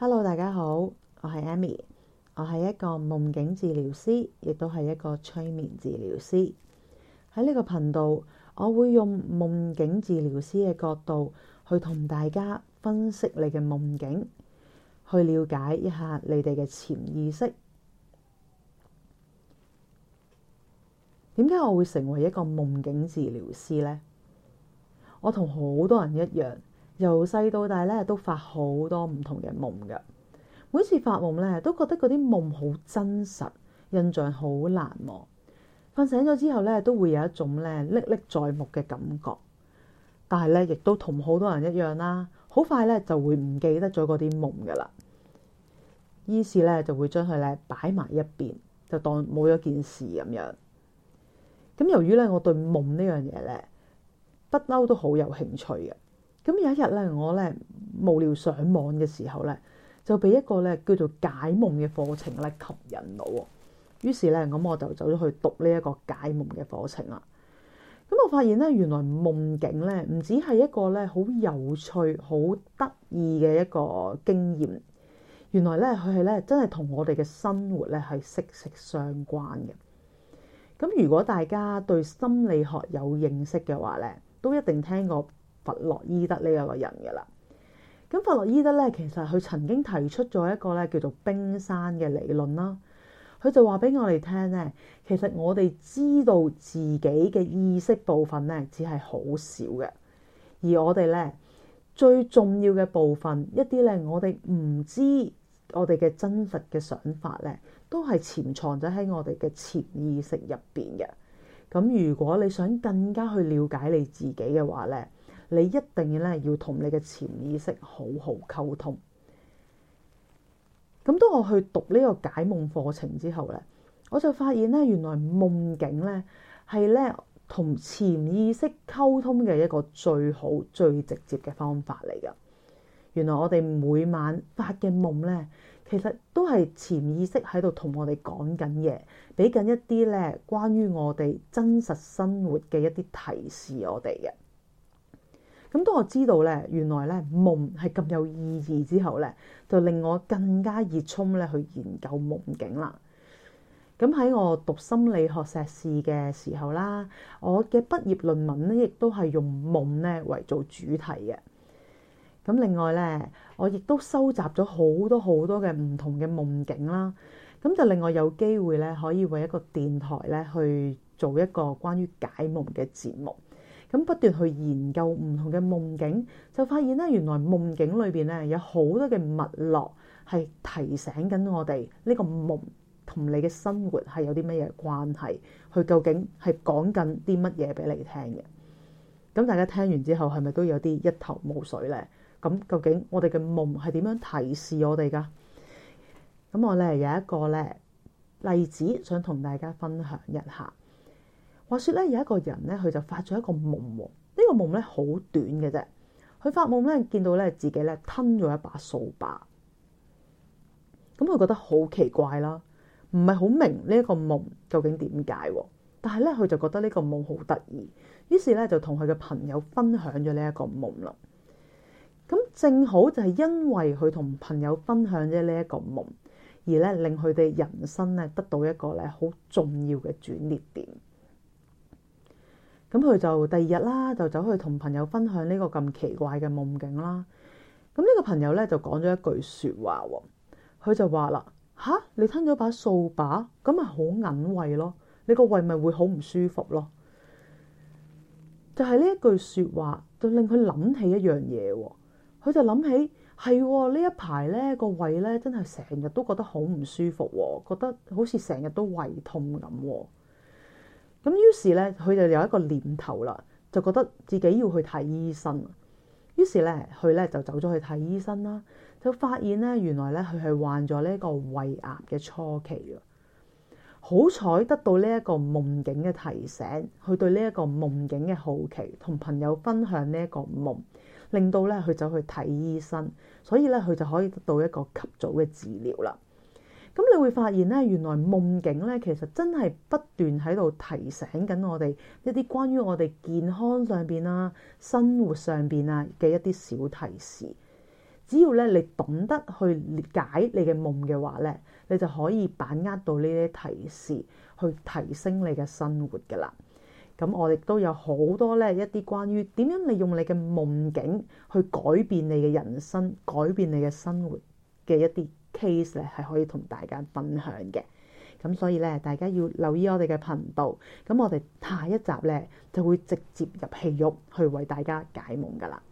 Hello，大家好，我係 Amy，我係一個夢境治療師，亦都係一個催眠治療師。喺呢個頻道，我會用夢境治療師嘅角度去同大家分析你嘅夢境，去了解一下你哋嘅潛意識。點解我會成為一個夢境治療師咧？我同好多人一樣。由細到大咧，都發好多唔同嘅夢噶。每次發夢咧，都覺得嗰啲夢好真實，印象好難忘。瞓醒咗之後咧，都會有一種咧歷歷在目嘅感覺。但係咧，亦都同好多人一樣啦，好快咧就會唔記得咗嗰啲夢噶啦。於是咧就會將佢咧擺埋一邊，就當冇咗件事咁樣。咁由於咧我對夢呢樣嘢咧不嬲都好有興趣嘅。咁有一日咧，我咧無聊上網嘅時候咧，就俾一個咧叫做解夢嘅課程咧吸引到，於是咧，咁我就走咗去讀呢一個解夢嘅課程啦。咁我發現咧，原來夢境咧唔止係一個咧好有趣、好得意嘅一個經驗，原來咧佢係咧真係同我哋嘅生活咧係息息相關嘅。咁如果大家對心理學有認識嘅話咧，都一定聽過。弗洛伊德呢一個人嘅啦，咁弗洛伊德呢，其實佢曾經提出咗一個呢叫做冰山嘅理論啦。佢就話俾我哋聽呢，其實我哋知道自己嘅意識部分呢，只係好少嘅，而我哋呢，最重要嘅部分，一啲呢，我哋唔知我哋嘅真實嘅想法呢，都係潛藏咗喺我哋嘅潛意識入邊嘅。咁如果你想更加去了解你自己嘅話呢。你一定要咧，要同你嘅潛意識好好溝通。咁，當我去讀呢個解夢課程之後咧，我就發現咧，原來夢境咧係咧同潛意識溝通嘅一個最好、最直接嘅方法嚟噶。原來我哋每晚發嘅夢咧，其實都係潛意識喺度同我哋講緊嘢，俾緊一啲咧關於我哋真實生活嘅一啲提示我，我哋嘅。咁當我知道咧，原來咧夢係咁有意義之後咧，就令我更加熱衷咧去研究夢境啦。咁喺我讀心理學碩士嘅時候啦，我嘅畢業論文咧，亦都係用夢咧為做主題嘅。咁另外咧，我亦都收集咗好多好多嘅唔同嘅夢境啦。咁就令我有機會咧，可以為一個電台咧去做一個關於解夢嘅節目。咁不斷去研究唔同嘅夢境，就發現咧，原來夢境裏邊咧有好多嘅脈絡，係提醒緊我哋呢個夢同你嘅生活係有啲乜嘢關係？佢究竟係講緊啲乜嘢俾你聽嘅？咁大家聽完之後，係咪都有啲一頭霧水呢？咁究竟我哋嘅夢係點樣提示我哋噶？咁我咧有一個咧例子，想同大家分享一下。話說咧，有一個人咧，佢就發咗一個夢。呢個夢咧，好短嘅啫。佢發夢咧，見到咧自己咧吞咗一把掃把。咁佢覺得好奇怪啦，唔係好明呢一個夢究竟點解。但係咧，佢就覺得呢個夢好得意，於是咧就同佢嘅朋友分享咗呢一個夢啦。咁正好就係因為佢同朋友分享咗呢一個夢，而咧令佢哋人生咧得到一個咧好重要嘅轉捩點。咁佢就第二日啦，就走去同朋友分享呢個咁奇怪嘅夢境啦。咁呢個朋友咧就講咗一句話、哦、說話，佢就話啦：吓，你吞咗把掃把，咁咪好隱胃咯？你個胃咪會好唔舒服咯？就係、是、呢一句說話，就令佢諗起一樣嘢、哦。佢就諗起係、哦、呢一排咧個胃咧，真係成日都覺得好唔舒服、哦，覺得好似成日都胃痛咁。咁於是咧，佢就有一個念頭啦，就覺得自己要去睇醫生。於是咧，佢咧就走咗去睇醫生啦，就發現咧，原來咧佢係患咗呢個胃癌嘅初期。好彩得到呢一個夢境嘅提醒，佢對呢一個夢境嘅好奇，同朋友分享呢一個夢，令到咧佢走去睇醫生，所以咧佢就可以得到一個及早嘅治療啦。咁你會發現咧，原來夢境咧，其實真係不斷喺度提醒緊我哋一啲關於我哋健康上邊啊、生活上邊啊嘅一啲小提示。只要咧你懂得去理解你嘅夢嘅話咧，你就可以把握到呢啲提示去提升你嘅生活噶啦。咁我哋都有好多咧一啲關於點樣利用你嘅夢境去改變你嘅人生、改變你嘅生活嘅一啲。case 咧係可以同大家分享嘅，咁所以咧大家要留意我哋嘅頻道，咁我哋下一集咧就會直接入戲肉去為大家解夢噶啦。